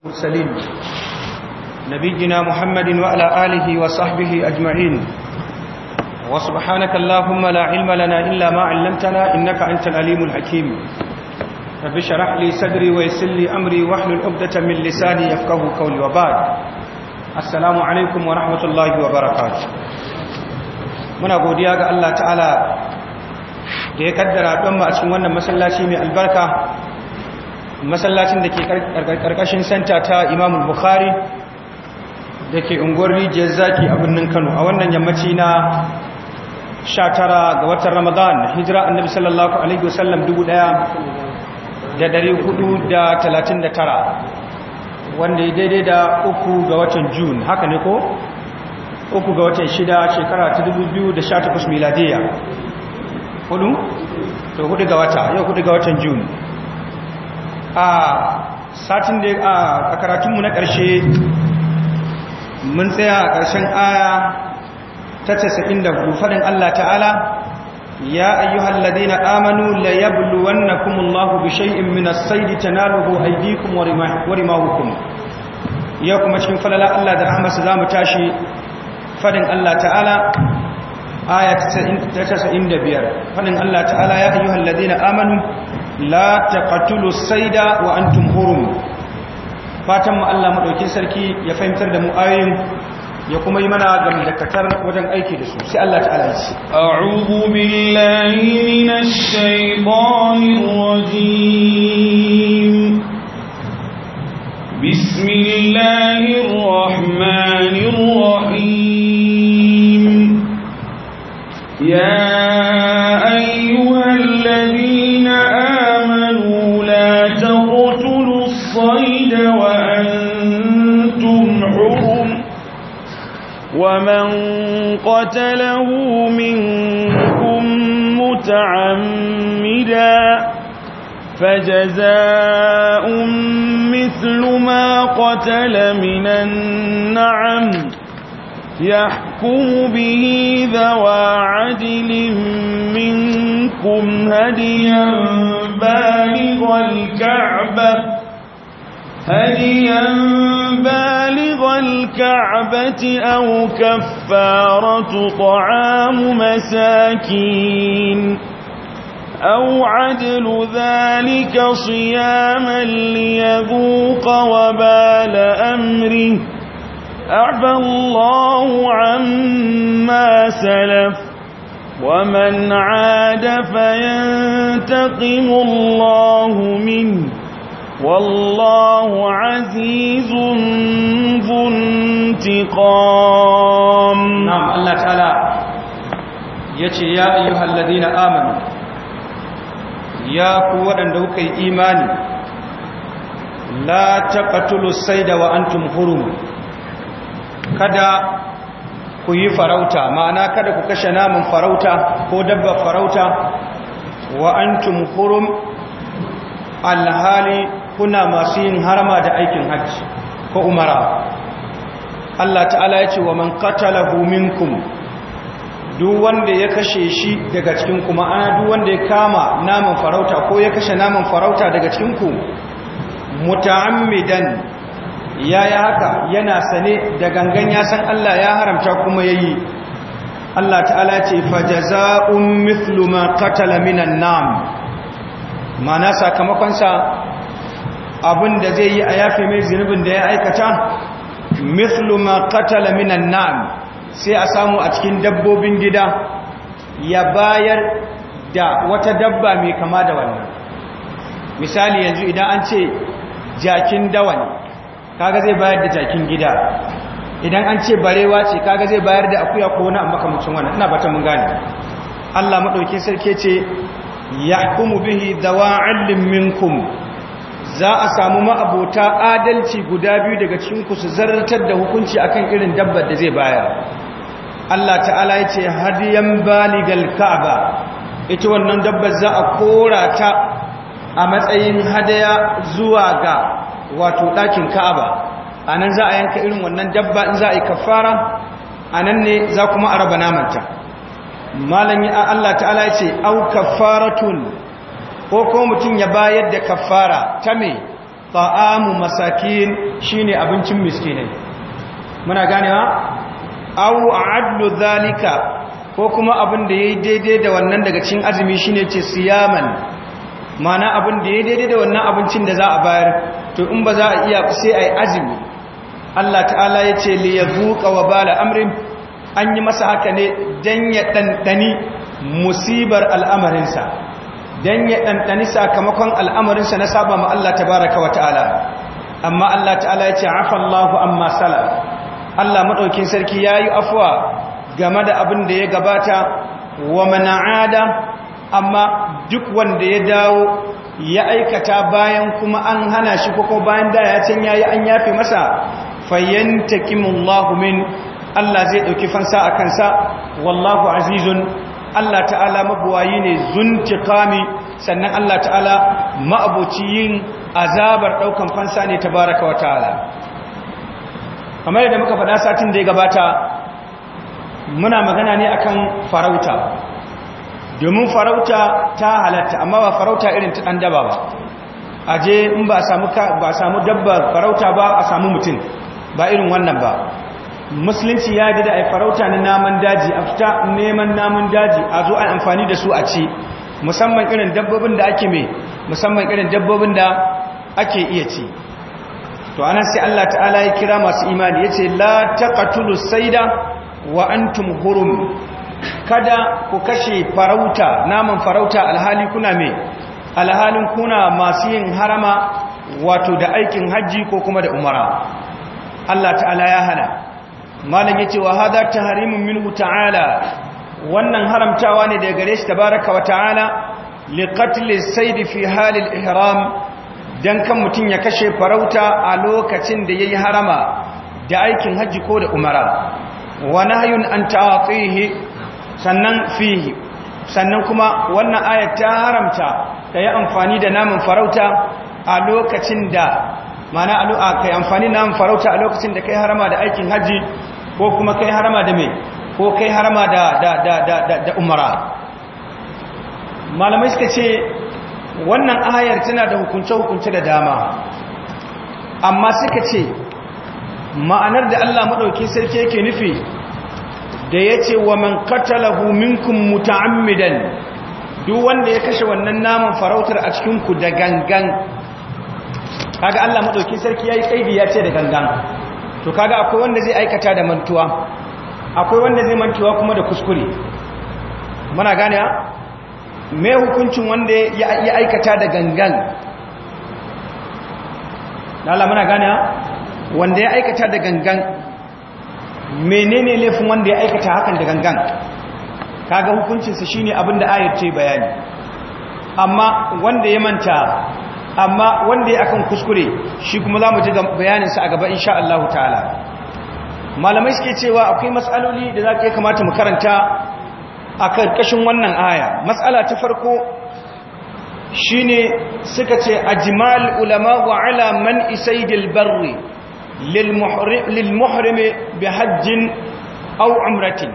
المرسلين نبينا محمد وعلى آله وصحبه أجمعين وسبحانك اللهم لا علم لنا إلا ما علمتنا إنك أنت العليم الحكيم رب اشرح لي صدري ويسر لي أمري واحلل عقدة من لساني يفقهوا قولي وبعد السلام عليكم ورحمة الله وبركاته muna godiya ga Allah ta'ala da ya kaddara don ma a cikin wannan masallaci mai albarka masallacin da ke karkashin santa ta imamun bukhari da ke unguwar rijiyar zaki a birnin kano a wannan yammaci na 19 ga watan ramadan hijira annabi sallallahu alaihi wasallam 1439 wanda ya daidai da uku ga watan Jun haka ne ko uku ga watan 6 shekara ta 2018 miladiyya 4 to ga wata yau hudu ga watan Jun. a satin da a karatunmu na ƙarshe mun tsaya a ƙarshen aya ta casa'in da faɗin Allah ta'ala ya ayyuhal ladina amanu la yabluwannakum Allahu bi shay'in min as-saydi tanaluhu aydikum ma rimahukum ya kuma cikin falala Allah da za mu tashi faɗin Allah ta'ala aya ta 95 faɗin Allah ta'ala ya ayyuhal ladina amanu la taqatulu sayda wa antum hurum fatan mu Allah madaukin sarki ya fahimtar da mu ayoyin ya kuma yi mana ga wajen aiki da su sai Allah ta'ala ya ce a'udhu billahi minash shaitanir rajim bismillahir rahmanir rahim ya ومن قتله منكم متعمدا فجزاء مثل ما قتل من النعم يحكم به ذوى عدل منكم هديا بالغ الكعبه هديا بالغ الكعبة أو كفارة طعام مساكين أو عدل ذلك صياما ليذوق وبال أمره أعفى الله عما سلف ومن عاد فينتقم الله منه والله عزيز ذو انتقام نعم الله تعالى يتي يا أيها الذين آمنوا يا قوة أندوك إيماني لا تقتلوا السيد وأنتم حرم kada ku yi farauta ma'ana kada ku kashe naman farauta ko dabba farauta wa antum hurum alhali kuna masu yin harama da aikin hajji ko umara Allah ta'ala ya ce wa man qatalahu minkum duk wanda ya kashe shi daga cikin kuma ana duk wanda ya kama naman farauta ko ya kashe naman farauta daga cikin ku muta'ammidan yaya haka yana sane da gangan ya san Allah ya haramta kuma yayi Allah ta'ala ya ce fajaza'un mithlu ma qatala minan nam mana sakamakon sa abin da zai yi a yafe mai zinubin da ya aikata mithlu ma qatala minan na'am sai a samu a cikin dabbobin gida ya bayar da wata dabba mai kama da wannan misali yanzu idan an ce jakin dawa ne kaga zai bayar da jakin gida idan an ce barewa ce kaga zai bayar da akuya ko wani amma kamucin wannan ina bata mun gane Allah madauki sarki ce yahkumu bihi dawa'il minkum za a samu ma'abota adalci guda biyu daga cikinku su zartar da hukunci akan irin dabbar da zai bayar Allah ta'ala ya ce hadiyan baligal ka'aba ita wannan dabbar za a kora ta a matsayin hadaya zuwa ga wato ɗakin ka'aba a nan za a yanka irin wannan dabba in za a yi kafara a nan ne za kuma a raba namanta malam Allah ta'ala ya ce au kafaratun ko ko mutum ya bayar da kafara ta me ta'amu masakin shine abincin miskinai muna ganewa aw adlu zalika ko kuma abin da yayi daidai da wannan daga cikin azumi shine ce siyaman mana abin da yayi daidai da wannan abincin da za a bayar to in ba za a iya sai ai azumi Allah ta'ala yace li yazuqa wa bala amrin an yi masa haka ne dan ya dandani musibar al'amarinsa don ya ɗanɗani sakamakon al'amarinsa na saba ma Allah ta baraka wa ta'ala amma Allah ta'ala ya ce afallahu amma sala Allah maɗaukin sarki ya yi afuwa game da abin da ya gabata wa mana'ada amma duk wanda ya dawo ya aikata bayan kuma an hana shi ko bayan da ya can yayi an yafe masa fayyantakimullahu min Allah zai ɗauki fansa a kansa wallahu azizun Allah ta'ala mabuwayi ne zuntiqami sannan Allah ta'ala ma'abuci yin azabar ɗaukan fansa ne tabaraka wa ta'ala kamar yadda muka faɗa satin da ya gabata muna magana ne akan farauta domin farauta ta halatta amma ba farauta irin ta ɗan daba ba aje in ba a samu dabba farauta ba a samu mutum ba irin wannan ba musulunci ya yi a farauta na naman daji a fita neman namun daji a zo an amfani da su a ci musamman irin dabbobin da ake mai musamman irin dabbobin da ake iya ci to ana sai Allah ta'ala ya kira masu imani ya ce la taqatulu sayda wa antum hurum kada ku kashe farauta naman farauta alhali kuna mai alhalin kuna masu yin harama wato da aikin hajji ko kuma da umara Allah ta'ala ya hana malam yace wa hada tahrimun minhu ta'ala wannan haramtawa ne daga gare shi tabaraka wa ta'ala li qatl as-sayd fi hal al-ihram dan kan mutun ya kashe farauta a lokacin da yayi harama da aikin haji ko da umara wa nahyun an ta'atihi sannan fihi sannan kuma wannan aya ta haramta da ya amfani da naman farauta a lokacin da mana alu'a kai amfani da farauta a lokacin da kai harama da aikin hajji ko kuma kai harama da mai ko kai harama da umara malamai suka ce wannan ayar tana da hukunce-hukunce da dama amma suka ce ma'anar da Allah maɗauki sarki yake nufi da ya ce wa man katalahu minkum muta'ammidan duk wanda ya kashe wannan naman farautar a cikinku da gangan kaga Allah madaukin sarki yayi kaidi ya ce da gangan to kaga akwai wanda zai aikata da mantuwa akwai wanda zai mantuwa kuma da kuskure muna gane ha me hukuncin wanda ya aikata da gangan Allah muna gane ha wanda ya aikata da gangan menene laifin wanda ya aikata hakan da gangan kaga hukuncinsa shine abinda ayat ce bayani amma wanda ya manta amma wanda ya akan kuskure shi kuma za mu ji sa a gaba insha Allah ta'ala malamai suke cewa akwai matsaloli da za ka yi kamata mu karanta a karkashin wannan aya matsala ta farko shi ne suka ce ajimal ulama wa ala man isaidil barri lil muhrimi bi hajjin au umratin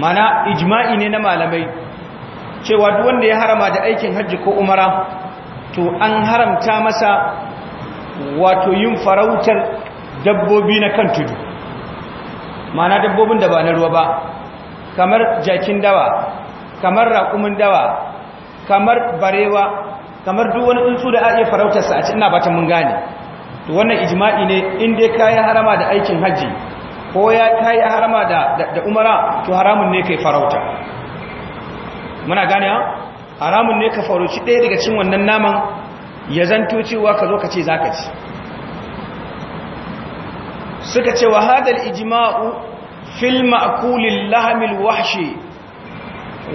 mana ijma'i ne na malamai cewa duk wanda ya harama da aikin hajji ko umara to an haramta masa wato yin farautar dabbobi na kan tudu mana dabbobin da ba na ruwa ba kamar jakin dawa kamar raƙumin dawa kamar barewa kamar duk wani tsuntsu da a iya farautarsa a cikin bata mun gane to wannan ijma'i ne in dai kayan harama da aikin hajji ko ya kayi harama da umara to haramun ne kai farauta muna gane ha haramun ne ka faruci ɗaya daga cin wannan naman ya zanto cewa ka zo ka ce za ci suka ce wa hadal ijima'u fil ma'kulil lahamil wahshi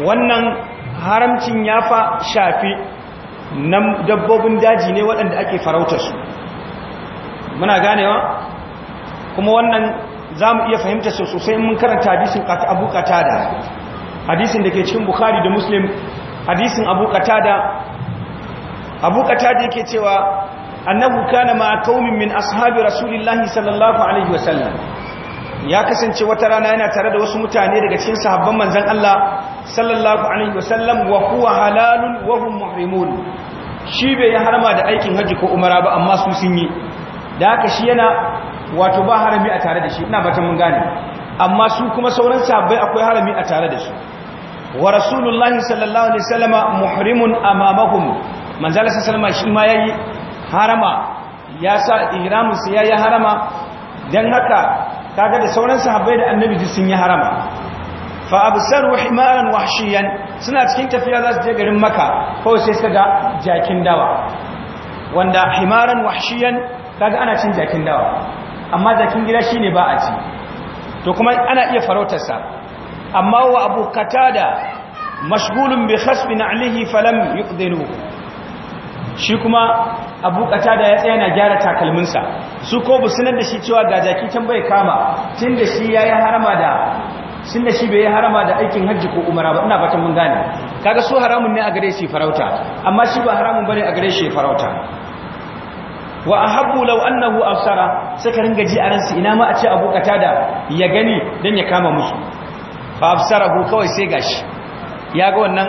wannan haramcin ya fa shafi nan dabbobin daji ne waɗanda ake farauta su muna ganewa kuma wannan za mu iya fahimta sosai mun karanta hadisin abu da hadisin da ke cikin bukhari da muslim hadisin abu katada abu katada yake cewa annahu kana ma kaumin min ashabi rasulillahi sallallahu alaihi wasallam ya kasance wata rana yana tare da wasu mutane daga cikin sahabban manzon Allah sallallahu alaihi wasallam wa huwa halalun wa hum muhrimun shi bai harama da aikin haji ko umara ba amma su sun yi da haka shi yana wato ba harami a tare da shi ina bata mun gane amma su kuma sauran sahabbai akwai harami a tare da su wa rasulullahi sallallahu alaihi wasallama muhrimun amamahum manzala sallallahu alaihi shi ma yayi harama ya sa ihramu sai yayi harama dan haka kaga da sauran sahabbai da annabi ji sun yi harama fa absaru himaran wahshiyan suna cikin tafiya za su je garin makka ko sai suka ga jakin dawa wanda himaran wahshiyan kaga ana cin jakin dawa amma jakin gida shine ba a ci to kuma ana iya sa. amma wa abu katada mashgulun bi khasbin alihi falam yuqdinuhu shi kuma abu katada ya tsaya na gyara takalminsa su ko bu sanar da shi cewa ga jaki can bai kama tun da shi ya yi harama da sun da shi bai yi harama da aikin hajji ko umara ba ina fatan mun gane kaga su haramun ne a gare shi farauta amma shi ba haramun bane a gare shi farauta wa ahabbu law annahu absara saka ringa ji a ransa ina ma a ce abu da ya gani dan ya kama musu fa absarahu kawai sai gashi ya ga wannan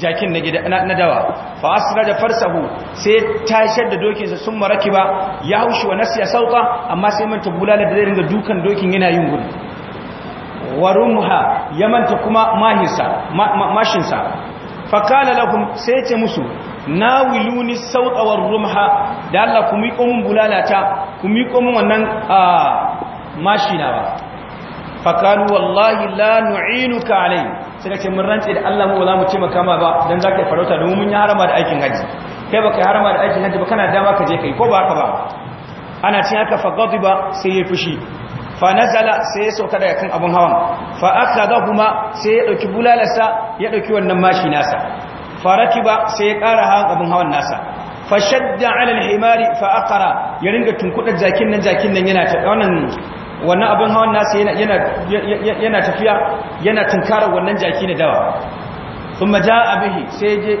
jakin na gida na dawa fa da farsahu sai shar da dokin sa sun ba. ya haushi wa nasiya sauka amma sai manta bulala da zai dukan dokin yana yin gudu warumha ya manta kuma mashinsa. mashin sa fa kana sai ce musu nawiluni sauka rumha. da Allah ku miƙo mun bulalata ku miƙo mun wannan ah, mashina ba fakanu wallahi la nu'inuka alai ka ce mun rantse da Allah mu ba mu ce maka ma ba dan zaka yi farauta domin mun yi harama da aikin haji kai baka harama da aikin haji ba kana dama ka je kai ko ba ka ba ana cin haka fa ghadiba sai ya fushi fa nazala sai ya sauka daga kan abun hawan fa akadahuma sai ya dauki bulalasa ya dauki wannan mashi nasa ba sai ya kara hawan abun hawan nasa fashadda ala alhimari fa aqara ya ringa tunkuda jakin nan jakin nan yana ta wannan wannan abin hawan nasa yana tafiya yana tunkarar wannan jaki na dawa sun maja abihi sai je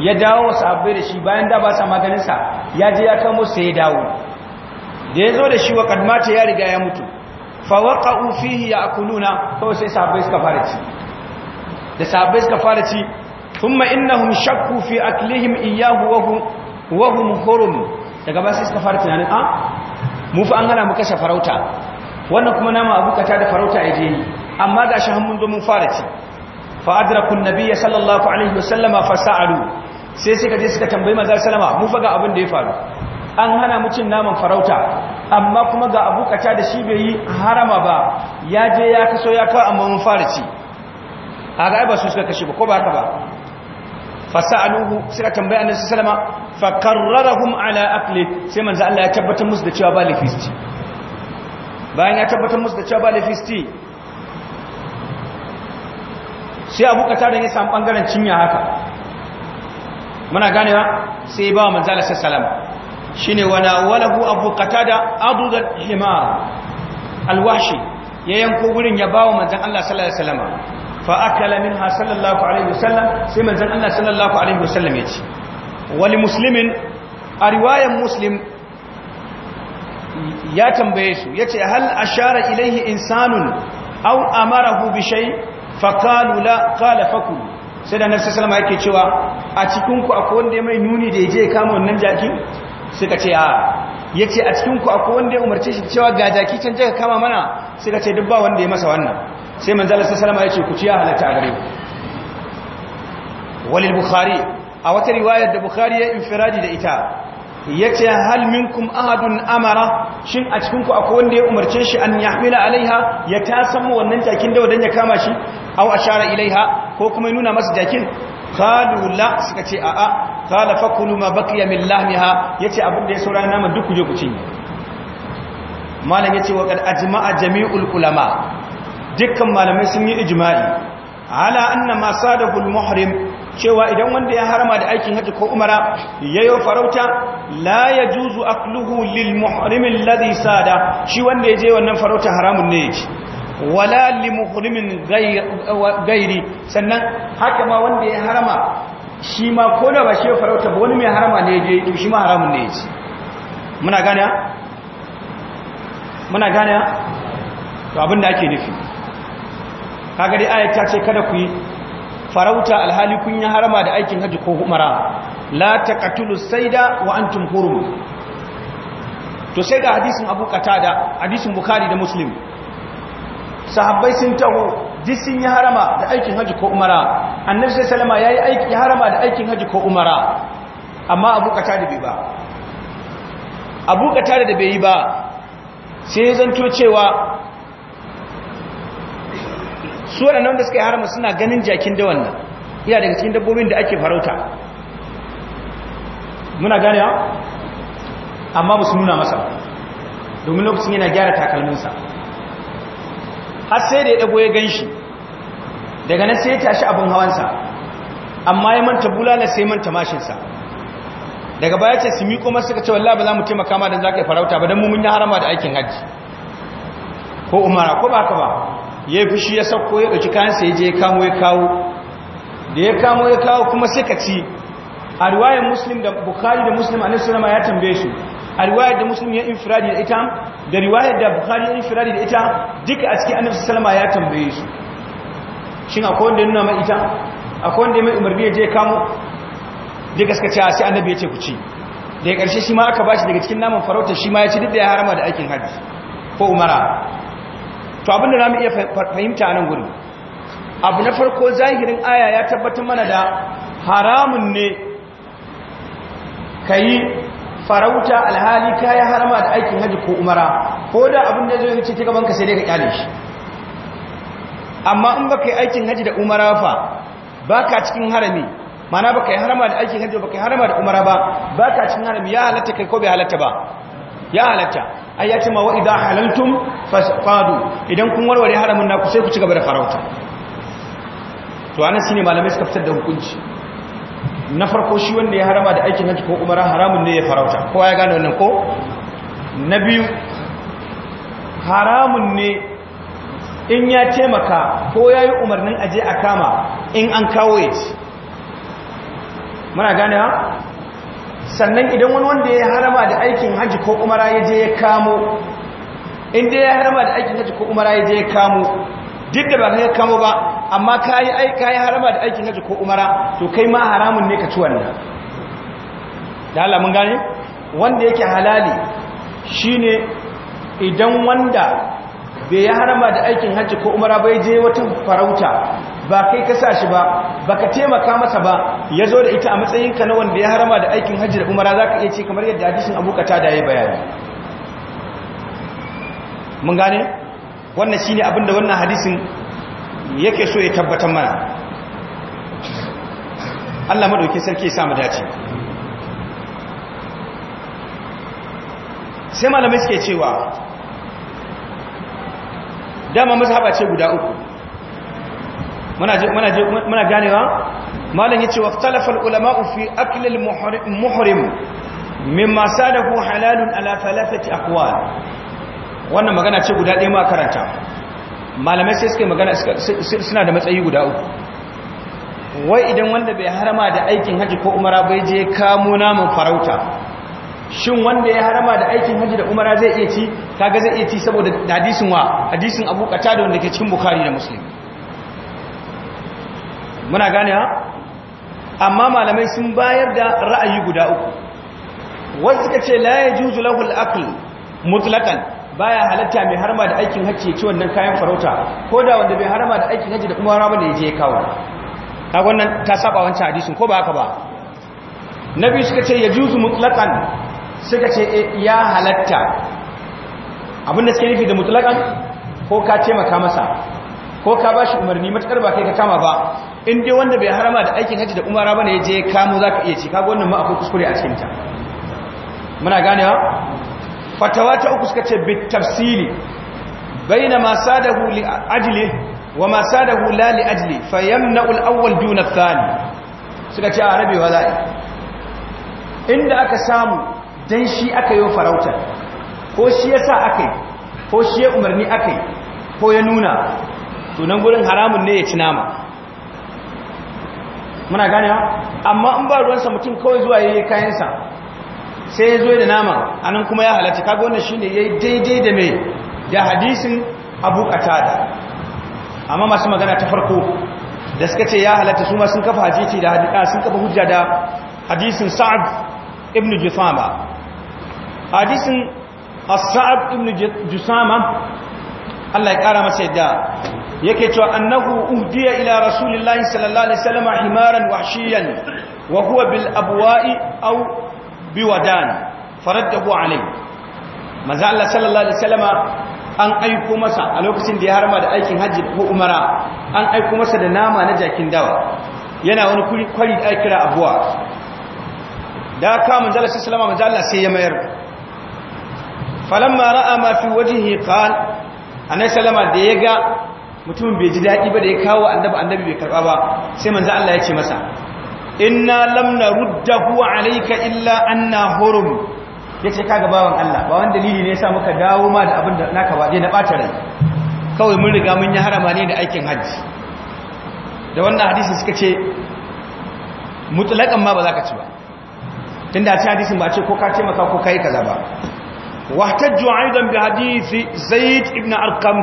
ya dawo wasu abu da shi bayan da ba sa maganinsa ya je ya kamo sai ya dawo da ya zo da shi wa kadmata ya riga ya mutu fawaka ufihi ya akuluna kawai sai sabai suka fara ci da sabai suka fara ci sun ma hun shakku fi aklihim iyahu wahun hurum daga ba sai suka fara tunanin a ah, mufi an gana mu kashe farauta wannan kuma nama abu da farauta ya je amma ga shi hannun domin fara ci fa adrakun ya sallallahu alaihi wasallama fa sa'alu sai suka je suka tambayi manzon salama mu faga abin da ya faru an hana mu cin naman farauta amma kuma ga abu da shi bai yi harama ba ya je ya kaso ya kawo amma mun fara ci a ga ba su suka kashe ba ko ba haka ba fa sa'aluhu suka tambayi annabi sallama fa karrarahum ala aqli sai manzo Allah ya tabbatar musu da cewa ba lafiya bayan ya tabbatar musu da cewa ba sti sai abu ka tada ya samu bangaren cinya haka muna ganewa sai ba wa manzala sassalam shi ne wana walahu abu katada adudar himar alwashi ya yanko wurin ya ba wa manzan Allah sallallahu Alaihi wasallama fa'akala min ha sallallahu Alaihi wasallam sai manzan Allah sallallahu Alaihi wasallam ya ce wali muslimin a riwayen muslim ya tambaye su yace hal ashara ilaihi insanun aw amarahu bi shay faqalu la qala fakul sai da nabi sallama yake cewa a cikin ku akwai wanda mai nuni da yaje kama wannan jaki suka ce a yace a cikin ku akwai wanda ya umarce shi cewa ga jaki can je ka kama mana suka ce duk ba wanda ya masa wannan sai manzo Allah ya yace ku ci halatta a gare ku walil bukhari a wata riwayar da bukhari ya infiradi da ita ya ce halminkum ahadun amara shin a cikinku akwai wanda ya umarce shi an yahmila alaiha ya ta samu wannan jakin da wadanda ya kama shi au ashara ilaiha ko kuma ya nuna masa jakin qalu la suka ce a'a qala fakulu ma baqiya min lahmiha yace abin da ya saura nama duk kuje ku cinye malam yace wa qad ajma'a jami'ul ulama dukkan malamai sun yi ijima'i ala anna ma sadahu al muhrim cewa idan wanda ya harama da aikin haji ko umara yi farauta la yajuzu akluhu lil muhrim alladhi sada shi wanda yaje wannan farauta haramun ne yake wala li muhrimin gairi sannan haka ma wanda ya harama shi ma ko da ba shi farauta ba wani mai harama ne yaje to shi ma haramun ne yake muna gane muna gane to abin da ake nufi kaga dai ayat ta ce kada ku yi farauta alhali kun yi harama da aikin haji ko umara la taqatulu sayda wa antum hurum to sai ga hadisin Abu Qatada hadisin Bukhari da Muslim sahabbai sun taho duk sun yi harama da aikin haji ko umara annabi sallama yayi aiki harama da aikin haji ko umara amma Abu Qatada bai ba Abu Qatada da bai yi ba sai zanto cewa su waɗannan wanda suka yi harama suna ganin jakin da wannan iya daga cikin dabbobin da ake farauta muna gane ya amma ba su nuna masa domin lokacin yana gyara takalminsa har sai da ya dago ya gan shi daga nan sai ya tashi abin hawansa amma ya manta bulala sai manta mashinsa daga baya ce su miƙo masu suka ce wallah ba za mu taimaka ma don za ka yi farauta ba don mummun ya harama da aikin hajji ko umara ko ba ka ba ya yi fushi ya sauko ya ɗauki kayansa ya je ya kamo ya kawo da ya kamo ya kawo kuma sai ka ci a riwayar muslim da bukari da muslim nan sallama ya tambaye su a riwayar da muslim ya infiradi da ita da riwayar da bukari ya infiradi da ita duka a cikin annabi sallama ya tambaye su shin akwai wanda ya nuna mai ita akwai wanda ya mai umarni ya je kamo da gaskace sai annabi ya ce ku ci da ya karshe shi ma aka bashi daga cikin naman farauta shi ma ya ci duk da ya harama da aikin hajji ko umara to abinda za mu iya fahimta nan guri abu na farko zahirin aya ya tabbatar mana da haramun ne ka yi farauta alhali ka yi harama da aikin haji ko umara ko da abin da zai wuce ta gaban ka sai dai ka kyale shi amma in baka yi aikin haji da umara fa baka cikin harami mana baka yi harama da aikin haji ba baka yi harama da umara ba baka cikin harami ya halatta kai ko bai halatta ba ya halatta ai ya ce ma wa idan halaltum fasadu idan kun warware haramun naku sai ku ci gaba da farauta to anan shine malamai suka fitar da hukunci na farko shi wanda ya harama da aikin haji ko umara haramun ne ya farauta ko ya gane wannan ko na biyu haramun ne in ya taimaka ko ya yi umarnin aje a kama in an kawo ya ci muna gane ha sannan idan wani wanda ya harama da aikin hajji ko umara ya je ya kamo inda ya harama da aikin hajji ko umara ya je ya kamo duk da ba ka kamo ba amma ka yi harama da aikin hajji ko umara to kai ma haramun ne ka ci wannan da halamun gani gane wanda yake halali shine idan wanda bai ya harama da aikin hajji ko umara bai je wata farauta ba kai ka sa shi ba ka taimaka masa ba ya zo da ita a matsayinka na wanda ya harama da aikin hajji da umara za ka iya ce kamar yadda hadisin abokata da ya yi bayani mun gane wannan shi ne abinda wannan hadisin yake so ya tabbatar mana allah maɗauki sarki ya samu dace sai malamai suke cewa dama mazhaba ce guda uku muna ganewa malam yace wa ikhtalafal ulama'u fi akli al-muhrim mimma sadahu halalun ala thalathati aqwal wannan magana ce guda ɗaya ma karanta malamai sai suke magana suna da matsayi guda uku wai idan wanda bai harama da aikin haji ko umara bai je kamo namun farauta shin wanda ya harama da aikin haji da umara zai iya ci kaga zai iya ci saboda hadisin wa hadisin abu da wanda ke cikin bukhari da muslim muna gane ha amma malamai sun bayar da ra'ayi guda uku wasu suka ce la ya juzu lahul aql mutlaqan baya halatta mai harma da aikin hajji ya ci wannan kayan farauta ko da wanda bai harma da aikin hajji da kuma ba ne ya je ya kawo a wannan ta saba wancan hadisin ko ba haka ba nabi suka ce ya juzu mutlaqan suka ce eh, ya halatta abin da suke nufi da mutlaqan ko ka taimaka masa ko ka ba shi umarni matakar ba kai ka kama ba in dai wanda bai harama da aikin haji da umara bane je kamo zaka iya ci kago wannan ma akwai kuskure a cikin ta muna ganewa fatawa ta uku suka ce bit tafsili ma sadahu li ajli wa ma sadahu la li ajli fayamna'u al-awwal dun al thani suka ce a rabewa inda aka samu dan shi aka yi farauta ko shi yasa yi. ko shi ya umarni yi. ko ya nuna to nan gurin haramun ne ya ci nama muna gane ba amma in ba ruwansa mutum kawai zuwa yayi kayansa sai ya zo da nama anan kuma ya halatta kaga wannan shine yayi daidai da me da hadisin Abu Qatada amma masu magana ta farko da suka ce ya halatta su ma sun kafa hadisi da hadisi ah, sun kafa hujja da hadisin Sa'ad ibn Jusama hadisin saad ibn Jusama Allah ya kara masa yadda yake cewa annahu uhdiya ila rasulillahi sallallahu alaihi wasallam himaran wahshiyan wa huwa bil abwa'i aw biwadan faraddahu alayhi manzo Allah sallallahu alaihi wasallam an aiko masa a lokacin da ya harma da aikin hajji ko umara an aiko masa da nama na jakin dawa yana wani kuri kwari da kira abuwa da ka manzo Allah sallallahu alaihi wasallam sai ya mayar falamma ra'a ma fi wajhihi qala annabi sallama da ya ga mutumin bai ji daɗi ba da ya kawo annabi annabi bai karɓa ba sai manzo Allah ya ce masa inna lam naruddahu alayka illa anna hurum yace kaga bawan Allah ba wanda dalili ne sa muka dawo ma da abin da naka waje na bata rai kawai mun riga mun yi harama ne da aikin hajji da wannan hadisi suka ce mutlaƙan ma ba za ka ci ba Tunda ci hadisin ba ce ko ka taimaka ko ka yi kaza ba wahtajju aidan bi hadisi zaid ibn arqam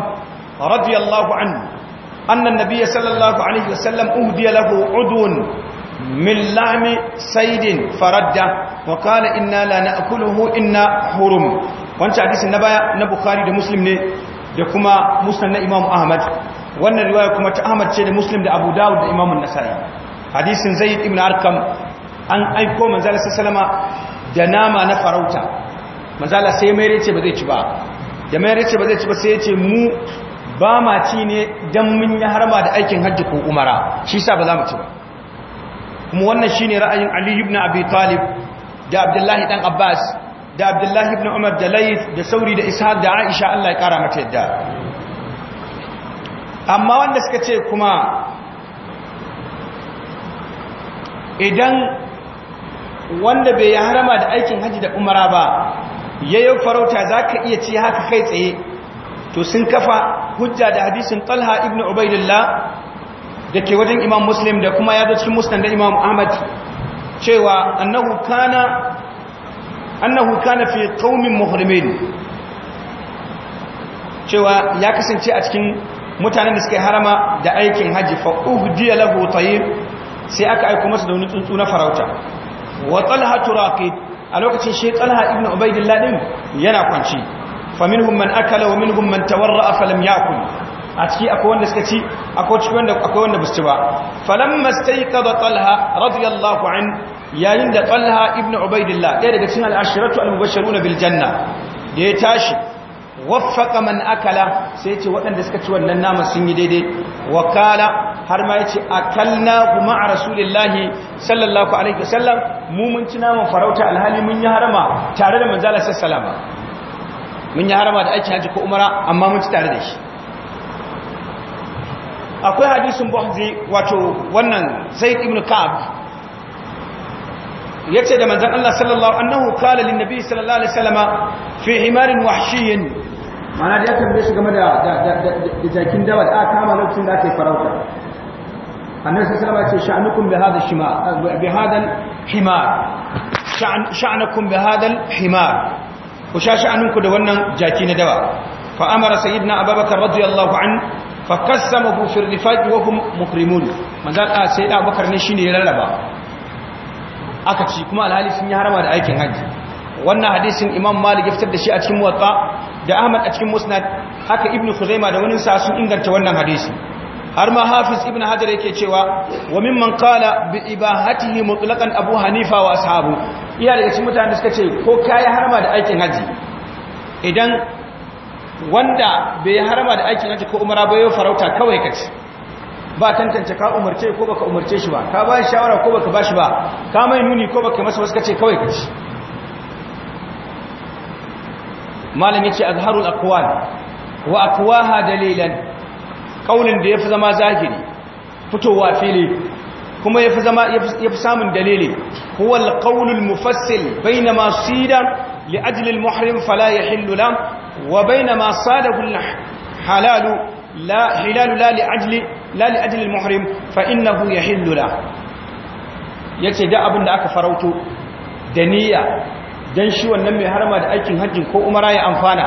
رضي الله عنه أن النبي صلى الله عليه وسلم أهدي له عدو من لعم سيد فرد وقال إنا لا نأكله إنا حرم وانت النبايا مسلم wannan riwaya kuma ta Ahmad ce da Muslim da Abu Dawud da Imam An-Nasa'i hadisin Zaid ibn Arkam an aiko ci ci ba sai mu ba ma ci ne don mun yi harma da aikin hajji ko umara shi sa ba za mu ci ba kuma wannan shi ne ra'ayin ali ibn abu talib da abdullahi dan abbas da abdullahi ibn umar da laif da sauri da isa da aisha allah ya kara mata yadda amma wanda suka ce kuma idan wanda bai yi harama da aikin hajji da umara ba yayin farauta za ka iya ci haka kai tsaye to sun kafa hujja da hadisin talha ibn ubaidillah da ke wajen imam muslim da kuma ya zo cikin musnad da imam ahmad cewa annahu kana annahu kana fi qaumin muhrimin cewa ya kasance a cikin mutanen da suka harama da aikin haji fa uhdiya lahu tayyib sai aka aika masa da wani tsuntsu na farauta wa talha turaqi a lokacin shi talha ibn ubaidillah din yana kwanci faminhum man akala wa minhum man tawarra falam yakul a ciki akwai wanda suka ci akwai ciki wanda akwai wanda basu ci ba falamma stayqadha talha radiyallahu an yayin da talha ibnu ubaidillah ɗaya daga cikin al-ashiratu al-mubashshiruna bil da ya tashi waffaka man akala sai ce waɗanda suka ci wannan nama sun yi daidai wakala har ma yace akalna kuma a rasulillahi sallallahu alaihi wasallam mu mun ci naman farauta alhali mun yi harama tare da manzala sallama mun yi harama da aiki hajji ko umara amma mun ci tare da shi akwai hadisin buhari wato wannan zaid ibn ka'ab yace da manzon Allah sallallahu annahu qala lin nabi sallallahu alaihi wasallama fi himarin wahshiyin mana da ya tambaye shi game da jakin dawa da aka kama lokacin da ake farauta annabi sallallahu alaihi wasallama ce sha'anukum bi hadha shima bi hadha himar sha'anukum bi hadha himar ku sha sha'aninku da wannan jaki na dawa fa amara sayyidina abubakar radiyallahu an fa qassamahu fi rifaqi wa hum mukrimun manzo Allah sai abubakar ne shine ya rarraba aka ci kuma alhali sun yi harama da aikin haji wannan hadisin imam malik ya fitar da shi a cikin muwatta da ahmad a cikin musnad haka ibnu khuzaima da wani sa sun inganta wannan hadisi har ma hafiz ibn hajar yake cewa wa mimman qala bi ibahatihi mutlaqan abu hanifa wa ashabu iya daga cikin mutane suka ce ko ka yi harama da aikin haji idan wanda bai yi harama da aikin haji ko umara bai yi farauta kawai kaci. ba tantance ka umarce ko baka umarce shi ba ka ba shawara ko baka ba shi ba ka mai nuni ko baka masa wasu kace kawai kaci. ci malam yace azharul aqwal wa aqwaha dalilan kaulin da ya fi zama zahiri fitowa fili kuma ya yafi zama fi samun dalili huwa alqawl almufassil bainama sida li ajli almuhrim fala yahillu lam wa bainama sadahu halal la hilalu la li ajli la li ajli almuhrim fa innahu yahillu la yace da abin da aka farauto da niyya dan shi wannan mai harama da aikin hajji ko umara ya amfana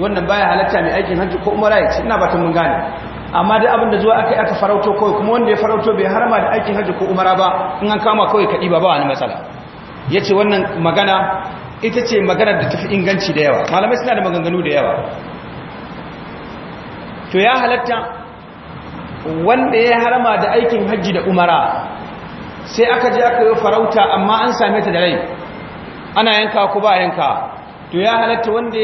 wannan baya halatta mai aikin hajji ko umara ya ce ina batun mun gane amma da abin da zuwa aka aka farauto kawai kuma wanda ya farauto bai harama da aikin hajji ko umara ba in an kama kawai kaɗi ba ba wani matsala ya ce wannan magana ita ce magana da tafi inganci da yawa malamai suna da maganganu da yawa to ya halatta wanda ya harama da aikin hajji da umara sai aka je aka yi farauta amma an same ta da rai ana yanka ko ba yanka to ya halatta wanda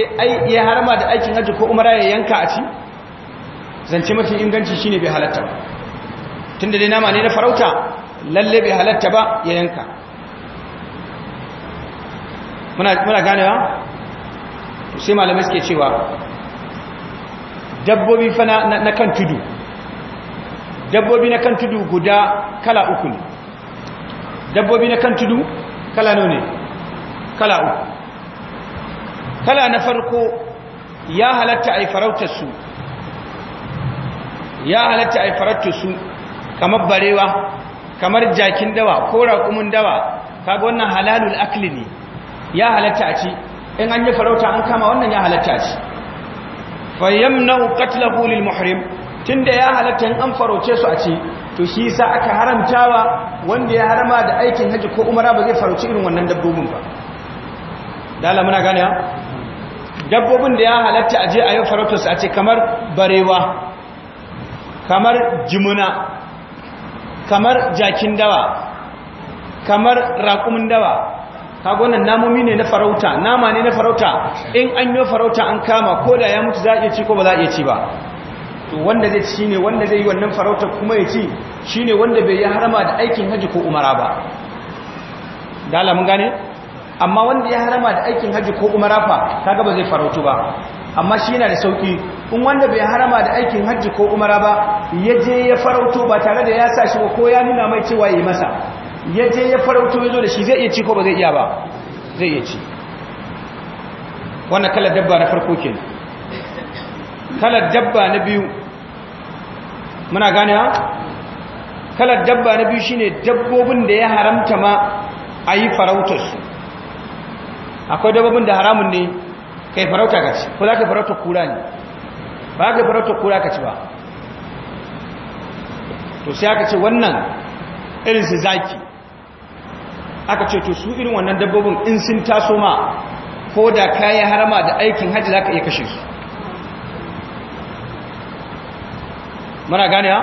ya harama da aikin hajji ko umara ya yanka a ci zance mafi inganci shine bai halatta tunda dai nama ne na farauta lalle bai halatta ba ya yanka muna ganewa sai malamai suke cewa dabbobi fa na kan tudu dabbobi na kan tudu guda kala uku ne dabbobi na kan tudu kala ne kala uku kala na farko ya halatta a yi farautarsu ya halatta a farattu su kamar barewa kamar jakin dawa ko raƙumin dawa kaga wannan halalul akli ne ya halatta a ci in an yi farauta an kama wannan ya halatta a fa fayyamna'u qatlahu lil muhrim tunda ya halatta in an farauce su a ci to shi sa aka haramtawa wanda ya harama da aikin haji ko umara ba zai farauci irin wannan dabbobin ba dala muna gane dabbobin da ya halatta aje a yi farautar su a ce kamar barewa kamar jimuna kamar jakin dawa kamar raƙumin dawa kagonan namomi ne na farauta nama ne na farauta in an yi farauta an kama ko da ya mutu za a iya ci ko ba za a iya ci ba wanda zai ci ne wanda zai yi wannan farauta kuma ya ci shi ne wanda bai yi harama da aikin haji ko umara ba dala mun gane amma wanda ya harama da aikin haji ko umara fa kaga ba zai farautu ba amma shi yana da sauki in wanda bai harama da aikin hajji ko umara ba ya je ya farauto ba tare da ya sa shi ko ya nuna mai cewa yi masa ya je ya farauto ya zo da shi zai iya ci ko ba zai iya ba zai iya ci wannan kalar dabba na farko ke kalar dabba na biyu muna gane ha kalar dabba na biyu shine dabbobin da ya haramta ma a yi farautarsu akwai dabbobin da haramun ne kai farauta ka ci ko za ka farauta kura ne ba ka farauta kura ka ci ba to sai aka ce wannan irin su zaki aka ce to su irin wannan dabbobin in sun taso ma ko da kayan harama da aikin hajji za ka iya kashe su mana gane ha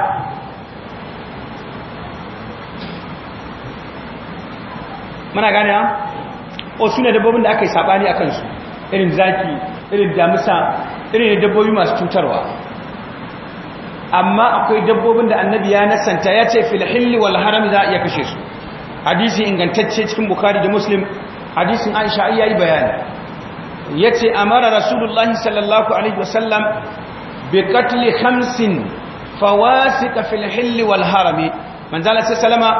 mana gane ha o su ne dabbobin da aka yi saɓani a kansu irin zaki irin damisa irin dabbobi masu cutarwa amma akwai dabbobin da annabi ya nasanta ya ce filhilli wal za a iya kashe su hadisi ingantacce cikin bukhari da muslim hadisin aisha ai yayi bayani yace amara rasulullahi sallallahu alaihi wasallam bi qatl khamsin fawasiq fil wal harami manzala sallama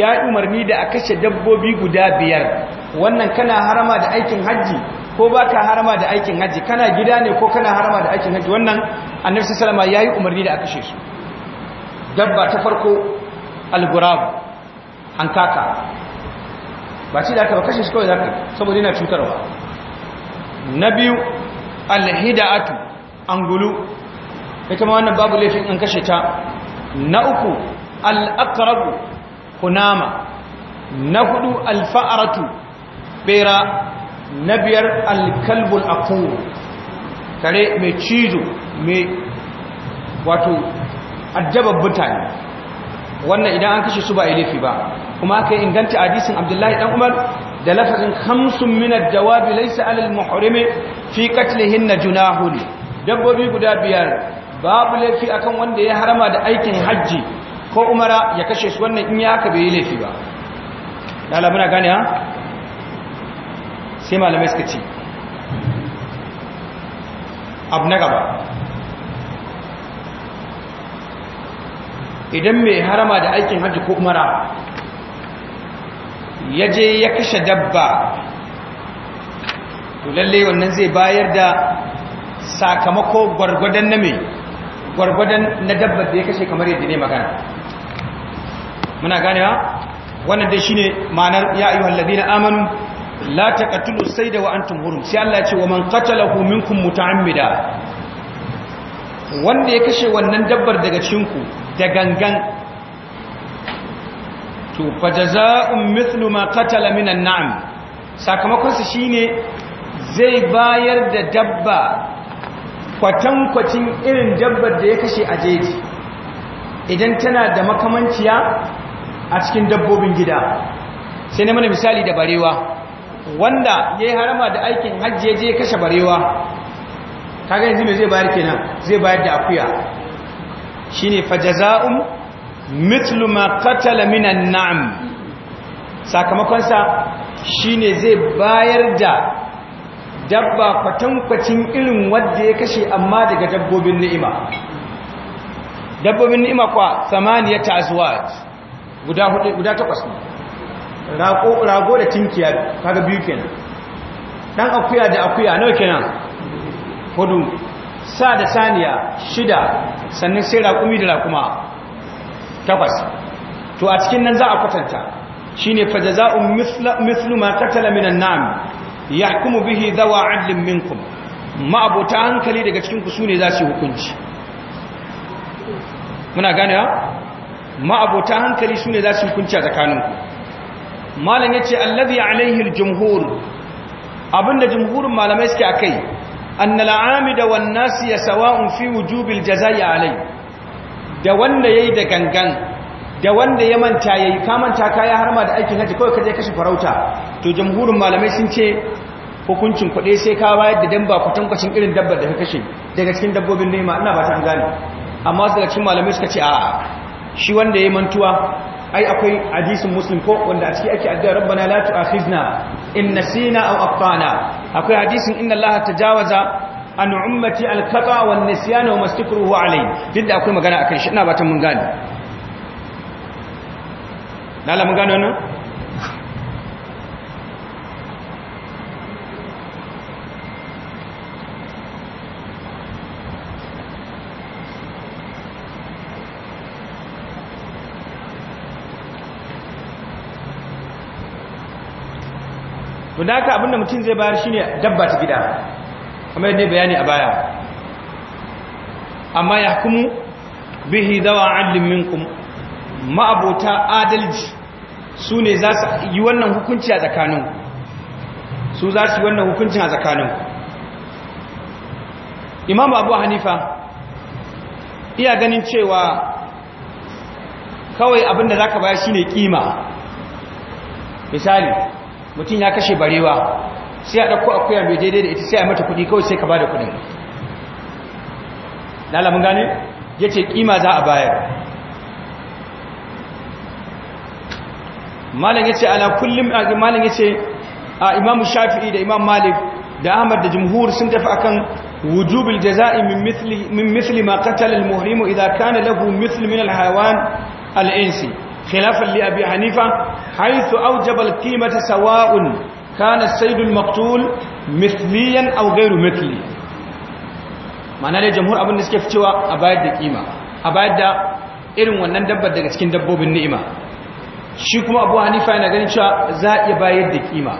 ya umarni da a kashe dabbobi guda biyar wannan kana harama da aikin hajji ko ba ka harama da aikin haji kana gida ne ko kana harama da aikin haji wannan annabi sallama ya yi umarni da a kashe su dabba ta farko algurab hankaka ba shi da aka ba kashe shi kawai zaka saboda yana cutarwa na biyu alhida'atu angulu ita ma wannan babu laifin an kashe ta na uku al'aqrabu kunama na hudu alfa'aratu bera na biyar alkalbul aku kare mai cizo mai wato addabar mutane wannan idan an kashe su ba laifi ba kuma aka yi inganta hadisin abdullahi dan umar da lafazin hamsin minar jawabi laisa alal muhrimi fi juna junahun dabbobi guda biyar babu laifi akan wanda ya harama da aikin hajji ko umara ya kashe su wannan in ya haka bai yi laifi ba lalabuna gane ha sai malamai suka ce abu na gaba idan mai harama da aikin hajji ko umara ya je ya kashe dabba to lalle wannan zai bayar da sakamako gwargwadon na mai gwargwadon na dabbar da ya kashe kamar yadda ne magana muna ganewa wannan dai shine ma'anar ya ayyuhal na amanu la taqtulu sai da antum hurum sai Allah ce wa man wanda ya kashe wannan dabbar daga cinku da gangan to fa jazaa'un mithlu ma qatala minan na'am sakamakon su shine zai bayar da dabba kwatankwacin irin dabbar da ya kashe a jeji idan tana da makamanciya a cikin dabbobin gida sai na mana misali da barewa wanda ya yi harama da aikin hajji ya je kashe barewa kaga yanzu mai zai bayar kenan zai bayar da akuya shi ne fajaza'un mitluma katala minan na'am sakamakonsa shi ne zai bayar da dabba kwatankwacin irin wadda ya kashe amma daga dabbobin ni'ima dabbobin ni'ima kwa samaniya ta guda takwas rago da tinkiya kaga biyu kenan dan akuya da akuya nawa kenan hudu sa da saniya shida sannan sai raƙumi da raƙuma takwas to a cikin nan za a kwatanta shine fa jazaa'un mithlu ma qatala minan na'am yahkumu bihi dawa 'adlin minkum ma abota hankali daga cikin ku sune za su hukunci muna gane ha ma abota hankali sune za su hukunci a tsakaninku malam ya ce, allazi alaihi aljumhur abinda jumhurin malamai suke akai annal amida wan sawa sawa'un fi wujubil jazai alai da wanda ya yi da gangan da wanda ya manta ya ka manta kaya har ma da aikin haji kawai kaje kashi farauta to jumhurin malamai sun ce hukuncin kuɗe sai ka bayar da damba kwatankwacin irin dabbar da ka kashe daga cikin dabbobin nema ina ba ta gane amma su daga cikin malamai suka ce a shi wanda ya yi mantuwa ai akwai hadisin muslim ko wanda a ciki ake addu'a rabbana la tu'akhizna in nasina aw akhtana akwai hadisin inna allaha tajawaza an ummati al-khata wan nisyana wa mastakruhu alayhi duk da akwai magana akan shi ina batan mun gane lalla mun gane wannan abin da haka abinda mutum zai bayar shine dabba ta gida kamar yadda bayani a baya amma ya hukumu bihi dawa adalin minkum ma'abota adalci su ne za su yi wannan hukunci a tsakanin su za su yi wannan hukuncin a tsakanin imam abu hanifa iya ganin cewa kawai abinda za ka shi ne kima misali mutum ya kashe barewa sai a ɗauko akuya mai daidai da ita sai a mata kuɗi kawai sai ka ba da kuɗin lalamin gane ya ce ƙima za a bayar malam ya ce ala kullum malam ya ce a shafi'i da imam malik da ahmad da jumhur sun tafi akan wujubul jaza'i min mithli ma qatala al idha kana lahu mithl min al-hayawan al-insi khilafan li abi hanifa haythu awjaba al sawa'un kana as-sayd al-maqtul mithliyan aw ma'ana dai jamhur abin da suke cewa a bayar da kima a bayar da irin wannan dabbar daga cikin dabbobin ni'ima shi kuma abu hanifa yana ganin cewa za a iya bayar da kima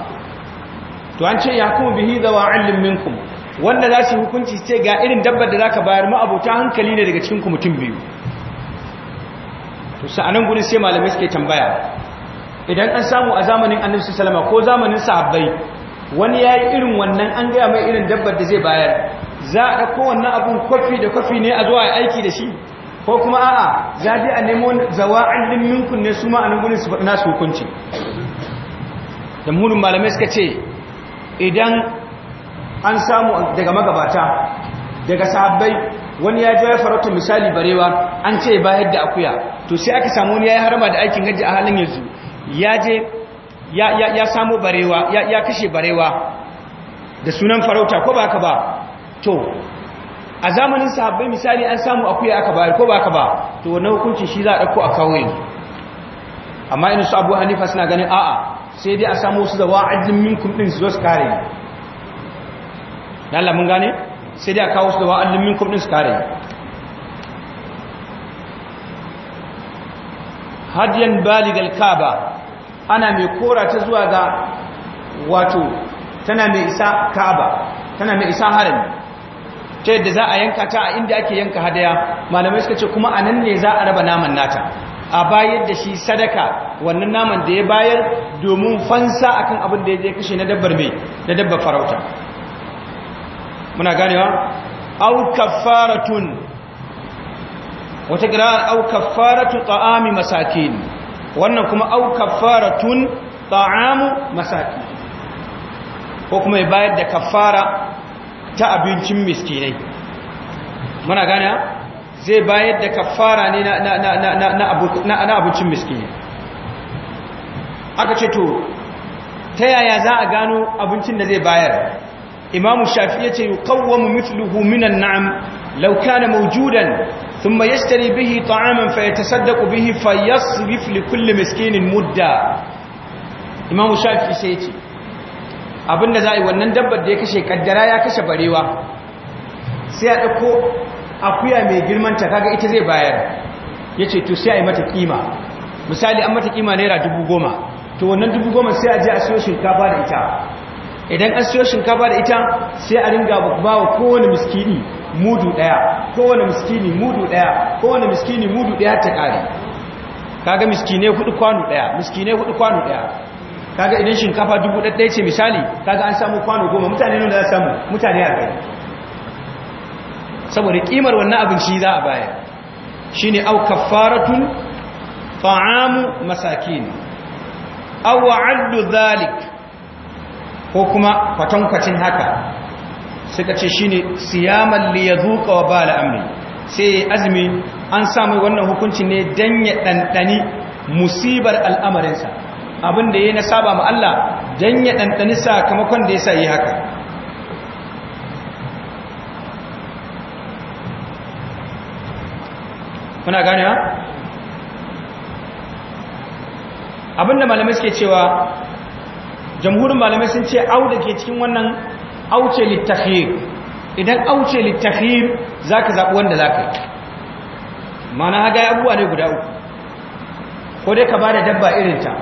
to an ce ya kuma bihi zawa allin minkum wanda za su hukunci ce ga irin dabbar da za ka bayar ma'abuta hankali ne daga cikin mutum biyu to sa'anan gurin sai malamai suke tambaya idan an samu a zamanin annabi sallama ko zamanin sahabbai wani yayi irin wannan an gaya mai irin dabbar da zai bayar za a ɗauko wannan abun kwafi da kwafi ne a zuwa aiki da shi ko kuma a'a za a nemo zawa din minkun ne su ma a nan gurin su hukunci jamhurin malamai suka ce idan an samu daga magabata daga sahabbai wani ya je ya farauta misali barewa an ce ba yadda akuya to sai aka samu wani ya yi harama da aikin hajji a halin yanzu ya je ya samu barewa ya kashe barewa da sunan farauta ko ba ka ba to a zamanin sahabbai misali an samu akuya aka bayar ko ba ka ba to wani hukunci shi za a ɗauko a kawo amma inu su abu hanifa suna ganin a'a sai dai a samu su da wa'adin minkum ɗin su zo su kare ni. Allah mun gane? sai dai a kawo su da wa'adin minkum din su kare hadiyan baligal kaba ana mai kora ta zuwa ga wato tana mai isa kaba tana mai isa harin. ta yadda za a yanka ta a inda ake yanka hadaya malamai suka ce kuma a nan ne za a raba naman nata a bayar da shi sadaka wannan naman da ya bayar domin fansa akan abin da ya kashe na dabbar mai na dabbar farauta muna ganewa au kaffaratun wata kira au kaffaratu ta'ami masakin wannan kuma au kaffaratun ta'amu masakin ko kuma bayar da kaffara ta abincin miskinai muna gane zai bayar da kaffara ne na abincin miskinai aka ce to ta yaya za a gano abincin da zai bayar imamu shafi ya ce yuqawwamu mithluhu minan na'am maujudan sun ma thumma yashtari bihi ta fayatasaddaqu bihi fa su li kulli miskinin mudda imamu shafi sai ya ce abinda za a yi wannan dabbar da ya kashe kaddara ya kashe barewa sai ya ɗauko akuya mai girman ta kaga ita zai bayar ya ce to sai a yi mata kima misali an mata kima naira dubu goma to wannan dubu goma sai a je a siyo shinkafa da ita idan an siyo shinkafa da ita sai a ringa ba wa kowane miskini mudu daya kowane miskini mudu daya kowane miskini mudu daya ta kare kaga miskine hudu kwano daya miskine hudu kwano daya kaga idan shinkafa dubu ɗaya ce misali kaga an samu kwano goma mutane ne da za samu mutane a kai saboda kimar wannan abinci za a baya shine au kaffaratun ta'amu masakin aw wa'addu zalik. ko kuma kwatankwacin haka suka ce shi shine siyaman li yadhuqa wa bala amri sai azumi an sami wannan hukunci ne don ya ɗanɗani musibar al'amarinsa abin da yi na saba ma Allah don ya sakamakon da ya sa yi haka kuna gane ha abinda malamai suke cewa jamhurin malamai sun ce au da ke cikin wannan auce littafiyar idan auce littafiyar za ka zaɓi wanda za ka yi mana haga ya abuwa ne guda uku ko dai ka ba da dabba irinta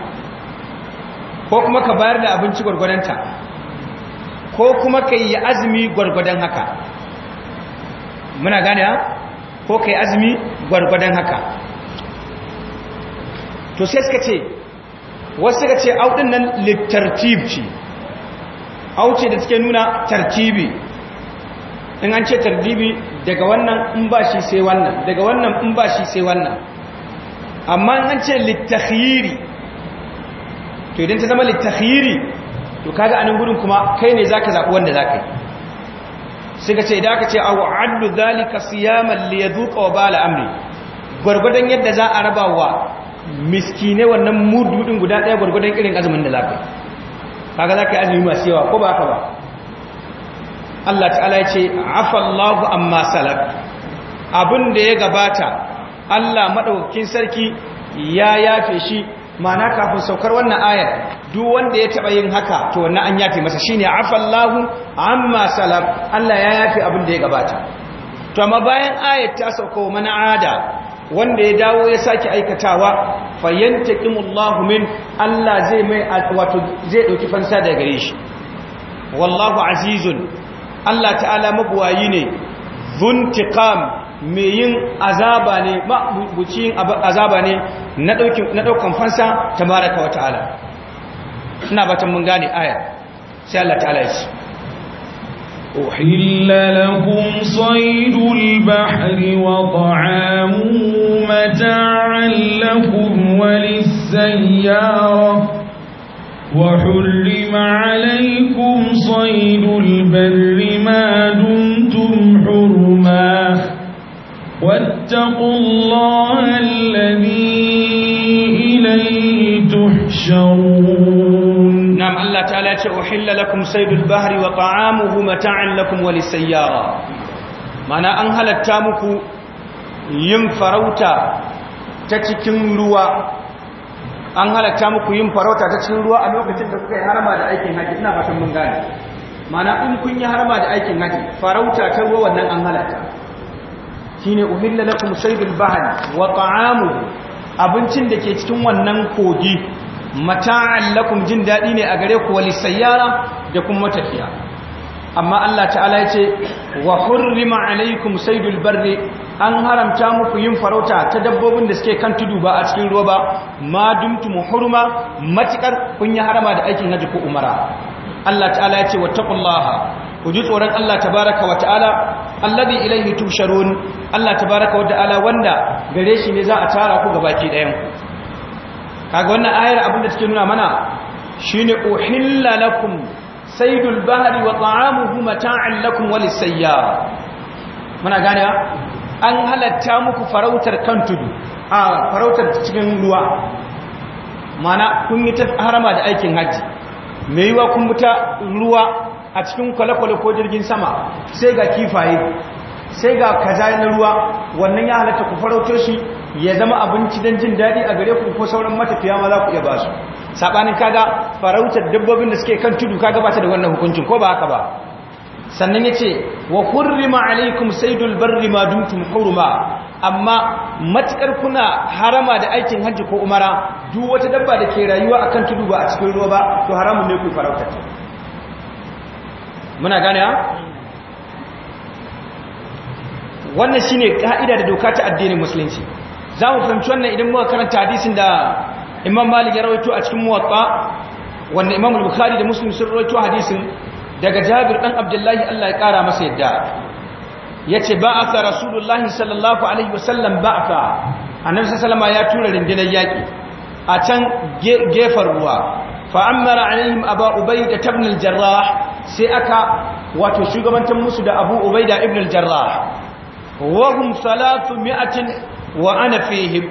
ko kuma ka bayar da abinci gwargwadonta ko kuma ka yi azumi gwargwadon haka muna gane ha ko ka yi azumi gwargwadon haka to sai suka ce wasu ga ce au din nan littartib ce au ce da suke nuna tartibi in an ce tartibi daga wannan in ba shi sai wannan daga wannan in ba shi sai wannan amma in an ce littakhyiri to idan ta zama littakhyiri to kaga anan gudun kuma kai ne zaka zabi wanda zaka yi suka ce idan aka ce aw addu zalika siyaman liyadhuqa wa wabala amri gurgurdan yadda za a raba wa. miskine wannan mudu guda daya gurgudan irin azumin da zaka kaga zaka azumi masu yawa ko ba haka ba Allah ta'ala ya ce afallahu amma salat abin da ya gabata Allah madaukakin sarki ya yafe shi mana kafin saukar wannan ayar duk wanda ya taba yin haka to wannan an yafe masa shine afallahu amma salat Allah ya yafe abin da ya gabata to amma bayan ayar ta sauko mana ada wanda ya dawo ya sake aikatawa fayyantaqimullahu min Allah zai mai wato zai dauki fansa daga gare shi wallahu azizun Allah ta'ala mabuwayi ne zuntiqam mai yin azaba ne mabucin azaba ne na ɗaukan na daukan fansa tabaraka wa ta'ala ina batan mun gane aya sai Allah ta'ala ya ce أحل لكم صيد البحر وطعامه متاعا لكم وللسيارة وحرم عليكم صيد البر ما دمتم حرما واتقوا الله الذي إليه تحشرون Allah ta'ala ya ce uhilla lakum saydul bahri wa ta'amuhu mata'an lakum wa lisayyara mana an halatta muku yin farauta ta cikin ruwa an halatta muku yin farauta ta cikin ruwa a lokacin da kuka yi harma da aikin haji ina fatan mun gane mana in kun yi harma da aikin haji farauta ta ruwa wannan an halatta shine uhilla lakum saydul bahri wa ta'amuhu abincin da ke cikin wannan kogi mata'an lakum jin daɗi ne a gare ku wali da kuma matafiya amma Allah ta'ala ya ce wa hurrima alaikum saydul barri an haramta muku yin farauta ta dabbobin da suke kan tudu ba a cikin ruwa ba ma dumtum hurma matikar kun yi harama da aikin haji ko umara Allah ta'ala ya ce wattaqullaha ku ji tsoron Allah tabaaraka wa ta'ala alladhi ilayhi tusharun Allah tabaaraka wa ta'ala wanda gare shi ne za a tara ku gabaki ɗayan ku kaga wannan ayar da take nuna mana shine uhilla lakum saydul bahri wa ta'amuhu mata'an lakum wa lisayyar muna gane an halatta muku farautar kan tudu a farautar cikin ruwa mana kun yi ta harama da aikin hajji mai yiwa kun buta ruwa a cikin kwale-kwale ko jirgin sama sai ga kifaye sai ga kaza na ruwa wannan ya halatta ku farautar shi ya zama abinci don jin daɗi a gare ku ko sauran matafiya ma za ku iya ba su saɓanin kaga farautar dabbobin da suke kan tudu kaga ba ta da wannan hukuncin ko ba haka ba sannan ya ce wa ma alaikum saidul barri ma dumtum hurma amma matukar kuna harama da aikin hajji ko umara duk wata dabba da ke rayuwa akan tudu ba a cikin ruwa ba to haramun ne ku farauta muna gane ha wannan shine ka'ida da doka ta addinin musulunci za mu fahimci wannan idan muka karanta hadisin da imam malik ya rawaito a cikin muwatta wanda imam al-bukhari da muslim sun rawaito hadisin daga jabir dan abdullahi Allah ya kara masa yadda Ya ce yace ba'atha rasulullahi sallallahu alaihi wasallam ba'atha annabi sallallahu ya tura rindinar yaki a can gefar ruwa fa amara alaihim abu ubayda ibn al-jarrah sai aka wato shugabantar musu da abu ubayda ibn al-jarrah wa hum salatu mi'atin wa ana fihim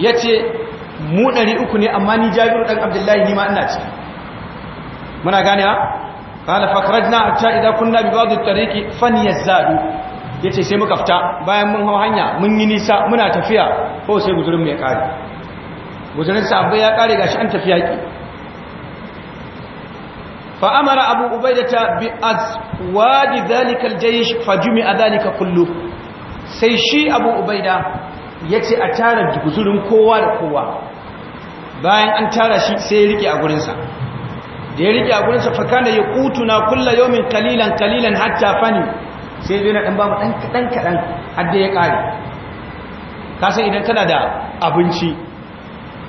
yace mu 300 ne amma ni jabiru dan abdullahi ni ma ina ci muna gane ha qala fakhrajna hatta idha kunna bi ba'd at-tariqi faniyazadu yace sai muka fita bayan mun hau hanya mun yi nisa muna tafiya ko sai guzurin mu ya kare guzurin sahabbai ya kare gashi an tafiya ki فأمر أبو أبيدة بأزواج ذلك الجيش فجمع ذلك كله سيشي abu ubaida. ya ce a tara guzurin kowa da kowa bayan an tara shi sai ya riƙe a gurinsa da ya riƙe a gurinsa fakana ya kutuna kulla yomin kalilan kalilan hatta fani sai zai na ɗan bamu ɗan kaɗan kaɗan hadda ya ƙare kasan idan kana da abinci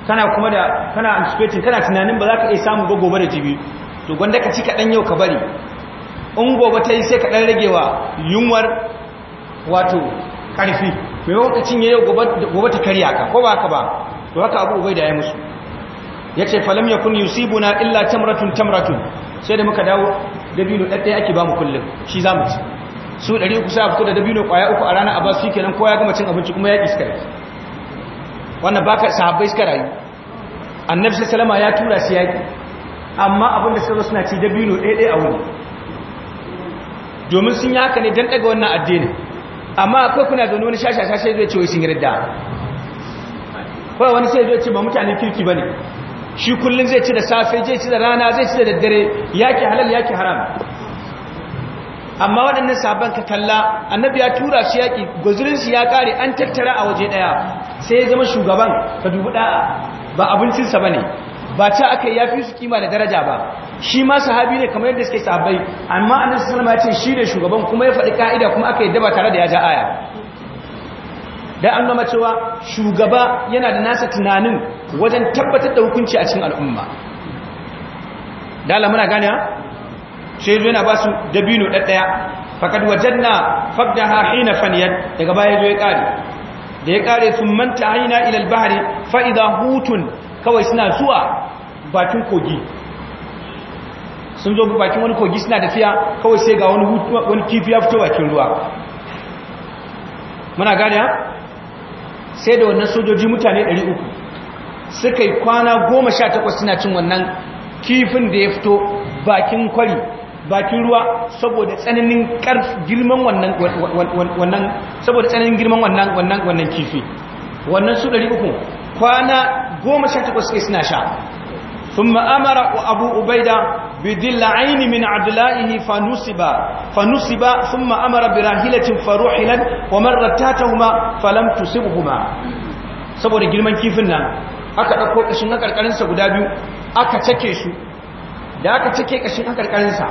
kana kuma da kana anticipating kana tunanin ba za ka iya samun gobe da jibi to gwanda ka ci kaɗan yau ka bari in gobe ta yi sai ka ɗan ragewa yunwar wato ƙarfi mai lokacin ya yi gobe ta karya ka ko ba ka ba to haka abu ubai da ya musu ya ce falam ya kun yusibu na illa tamratun tamratun sai da muka dawo dabino ɗaɗɗaya ake ba mu kullum shi za mu ci su ɗari uku sai fito da dabino ƙwaya uku a rana abasu ba kenan ya gama cin abinci kuma ya ƙi suka wannan ba ka sahabbai suka rayu annabi sai salama ya tura su ƙi amma abin da suka suna ci dabino ɗaya ɗaya a wuni domin sun yi haka ne don ɗaga wannan addinin amma akwai kuna zaune wani shashasha sai zai ce wai sun yarda kawai wani sai zai ce ba mutane kirki ba ne shi kullum zai ci da safe zai ci da rana zai ci da daddare yaki halal yaki haram amma waɗannan sabon ka kalla annabi ya tura su yaƙi gwazurinsu ya ƙare an tattara a waje ɗaya sai ya zama shugaban ka dubu ɗa'a ba abincinsa ba ne ba ta aka ya fi su kima da daraja ba shi ma sahabi ne kamar yadda suke sahabai amma an nasu salama ya ce shi ne shugaban kuma ya faɗi ka'ida kuma aka yadda ba tare da ya ja aya dan an gama cewa shugaba yana da nasa tunanin wajen tabbatar da hukunci a cikin al'umma da ala muna ha sai zo yana ba su dabino ɗaɗɗaya na na faqdaha hina faniyar daga baya zo ya kare da ya kare sun manta haina ilal bahari fa'ida hutun kawai suna zuwa bakin kogi sun zo bakin wani kogi suna tafiya kawai sai ga wani kifi ya fito bakin ruwa muna gani gane sai da wannan sojoji mutane 300 suka yi kwana 18 suna cin wannan kifin da ya fito bakin kwari bakin ruwa saboda tsananin girman wannan wannan saboda tsananin girman wannan wannan wannan kifi wannan su 300 kwana 18 suke suna sha ثم أمر أبو أبيدا عبيدة عين من عدلائه فنصب فنصب ثم أمر براهلة فروحلا ومرتاتهما فلم تصبهما saboda girman كيفنا nan aka ɗauko ƙashin na ƙarƙarinsa guda biyu aka cake su da aka cake ƙashin na ƙarƙarinsa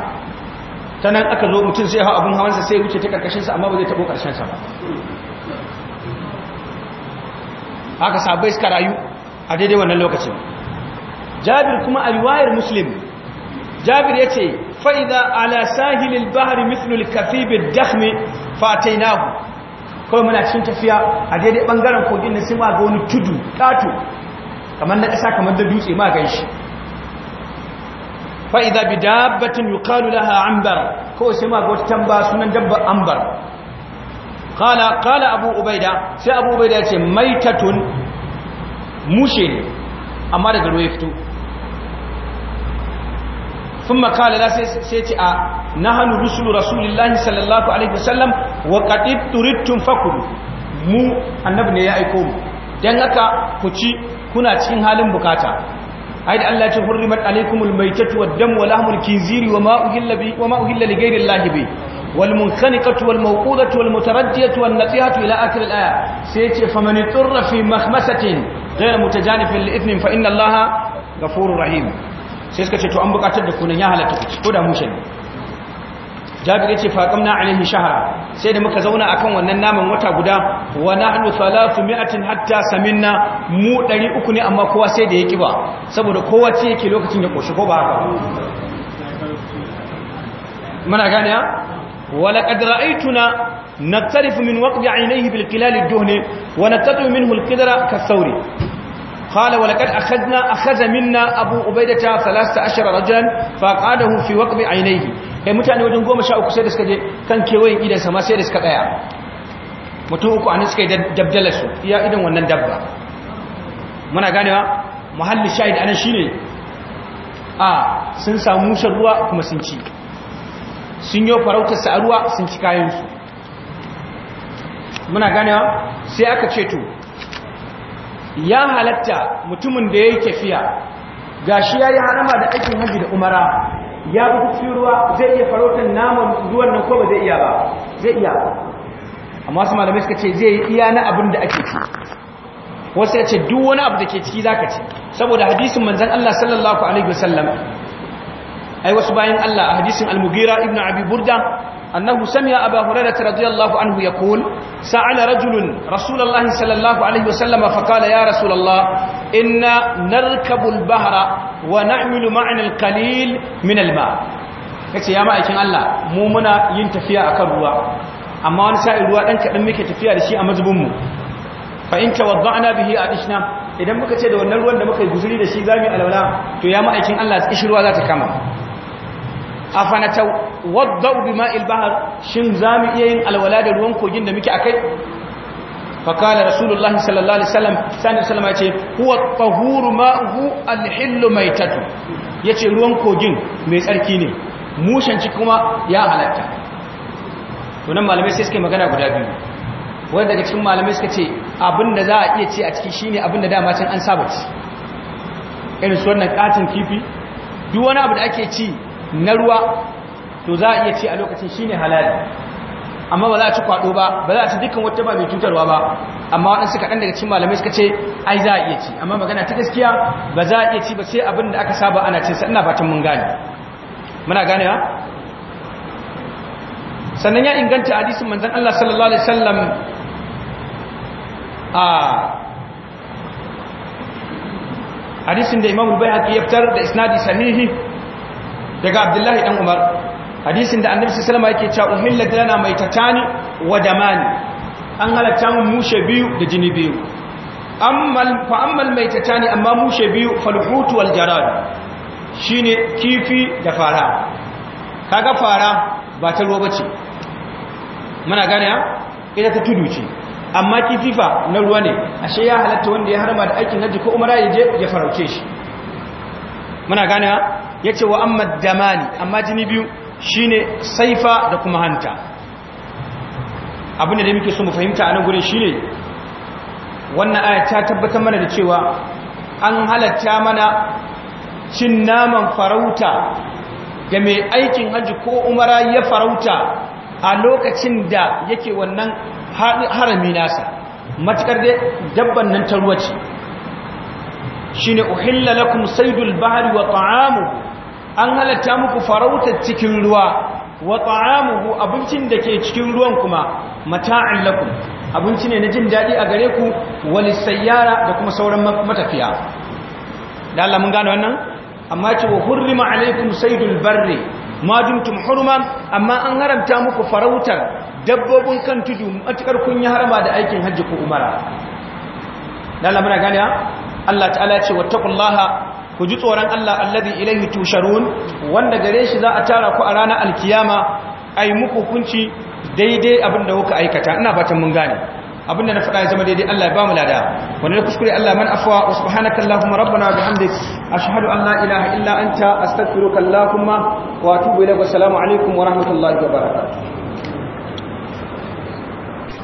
ta aka zo mutun sai ha abun hawansa sai wuce ta karkashin sa amma ba zai tabo karshen sa ba aka sabai suka rayu a daidai wannan lokacin jabir kuma a riwayar muslim jabir ya ce fa'iza ala sahilil bahari mithlul kafibin dakhmi fatainahu kawai muna cikin tafiya a daidai ɓangaren kogin da sai ga wani tudu ƙato kamar na ƙasa kamar da dutse ma gan shi fa'iza bi dabbatin yuqalu laha ambar kawai sai ga wata tamba sunan dabba ambar kala kala abu ubaida sai abu ubaida ya ce maitatun mushe ne amma daga ruwa ya fito ثم قال لا سيتي نحن رسل رسول الله صلى الله عليه وسلم وقد ابتردتم فكلوا mu annabi ne ya aiko mu dan haka ku ci kuna cikin halin bukata ai da Allah ya ce hurrimat alaikumul maitatu wad damu wa lahmul wa ma uhilla bi wa ma uhilla li ghairi llahi bi wal munkhaniqatu wal mawqudatu wal mutaraddiyatu wan natihatu ila akhir al aya sai ya ce faman turra fi mahmasatin ghayr mutajanifin li ithmin fa inna allaha ghafurur rahim sai suka ce to an bukatar da kunan ya halatta ku ko da mushe ne jabir yace fa qamna alaihi shahra sai da muka zauna akan wannan naman wata guda wa nahnu 300 hatta saminna mu 300 ne amma kowa sai da yake ba saboda kowa ce yake lokacin ya koshi ko ba haka muna gane ya wala qad ra'aytuna نقترف من وقع wa بالقلال الدهن ونتطو منه ka كالثور قال ولقد اخذنا اخذ منا ابو عبيده 13 رجلا فقعده في وقب عينيه اي متاني وجن 13 سيد أكو سيدس كان كيوين ايدن سما سيدس كبايا mutum uku a nan suka yi dabdalar su iya idan wannan dabba muna ganewa muhalli shahid anan shine a sun samu shan ruwa kuma sun ci sun yo farautarsa sa ruwa sun ci kayansu muna ganewa sai aka ce to ya halatta mutumin da ya yi tafiya ga shi ya yi harama da aikin hajji da umara ya bi kufi ruwa zai iya farautar namun ruwan nan ko ba zai iya ba zai iya amma su malamai suka ce zai iya na abin da ake ci wasu ya ce duk wani abu da ke ciki za ka ci saboda hadisin manzan Allah sallallahu alaihi wasallam ai wasu bayan Allah a hadisin al-mugira ibn abi burda أنه سمع أبا هريرة رضي الله عنه يقول سأل رجل رسول الله صلى الله عليه وسلم فقال يا رسول الله إنا نركب البحر ونحمل معنا القليل من الماء yace ya ma'aikin Allah mu muna yin tafiya akan ruwa amma wani sa'in ruwa ka kadan muke tafiya da shi a mu fa in tawadda'na bihi idan muka ce da wannan ruwan da muka yi guzuri da shi zamu alwala to ya ma'aikin Allah tsishi ruwa za ta kama afanata wadda'u bima'il bahr shin mu iya yin alwala da ruwan kogin da muke akai fakala rasulullahi sallallahu alaihi wasallam sanin sallama yace huwa tahuru ma'uhu alhillu maitatu yace ruwan kogin mai tsarki ne mushan ci kuma ya halatta to nan malamai sai suke magana guda biyu wanda daga cikin malamai suka ce abinda za a iya ce a ciki shine abinda dama can an saba ci irin su wannan katin kifi duk wani abu da ake ci na ruwa to za a iya ci a lokacin shine halali amma ba za a ci kwado ba ba za a ci dukkan wata ba mai cutarwa ba amma waɗansu kaɗan daga cikin malamai suka ce ai za a iya ci amma magana ta gaskiya ba za a iya ci ba sai abin da aka saba ana ce ina fatan mun gane muna ha? sannan ya inganta hadisin manzon Allah sallallahu alaihi wasallam a hadisin da Imam Bukhari ya fitar da isnadi sahihi daga abdullahi dan umar hadisin da annabi sallallahu alaihi wasallam yake cewa uhillat lana maitatani wa damani an halatta mu mushe biyu da jini biyu ammal fa ammal maitatani amma mushe biyu falhutu wal jarad shine kifi da fara kaga fara ba ta ruwa bace muna gane ya ita ta tudu ce amma kifi fa na ruwa ne ashe ya halatta wanda ya harma da aikin haji ko umara ya je ya farauce shi muna gane ya ya ce wa amma damani amma jini biyu shine saifa da kuma hanta abinda da muke so mu fahimta a nan gurin shine wannan aya ta tabbatar mana da cewa an halatta mana cin naman farauta da mai aikin hajji ko umara ya farauta a lokacin da yake wannan harami nasa matukar dai dabban nan ta ruwa ce shine uhilla lakum saydul bahri wa ta'amuhu an halatta muku farautar cikin ruwa wa ta'amuhu abincin da ke cikin ruwan kuma mata'an lakum abinci ne na jin daɗi a gare ku wani sayyara da kuma sauran matafiya da Allah mun gane wannan amma ce wa hurrima alaikum saydul barri ma dumtum hurman amma an haramta muku farautar dabbobin kan tudu matakar kun yi harama da aikin hajji ko umara da Allah mun gane Allah ta'ala ce wattaqullaha ku ji tsoron Allah alladhi ilayhi tusharun wanda gare shi za a tara ku a ranar alkiyama ai muku hukunci daidai abinda kuka aikata ina fatan mun gane abinda na faɗa ya zama daidai Allah ya lada wanda kuskure Allah man afwa wa subhanaka allahumma rabbana wa bihamdik ashhadu an la ilaha illa anta astaghfiruka allahumma wa atubu ilayka assalamu alaikum wa rahmatullahi wa barakatuh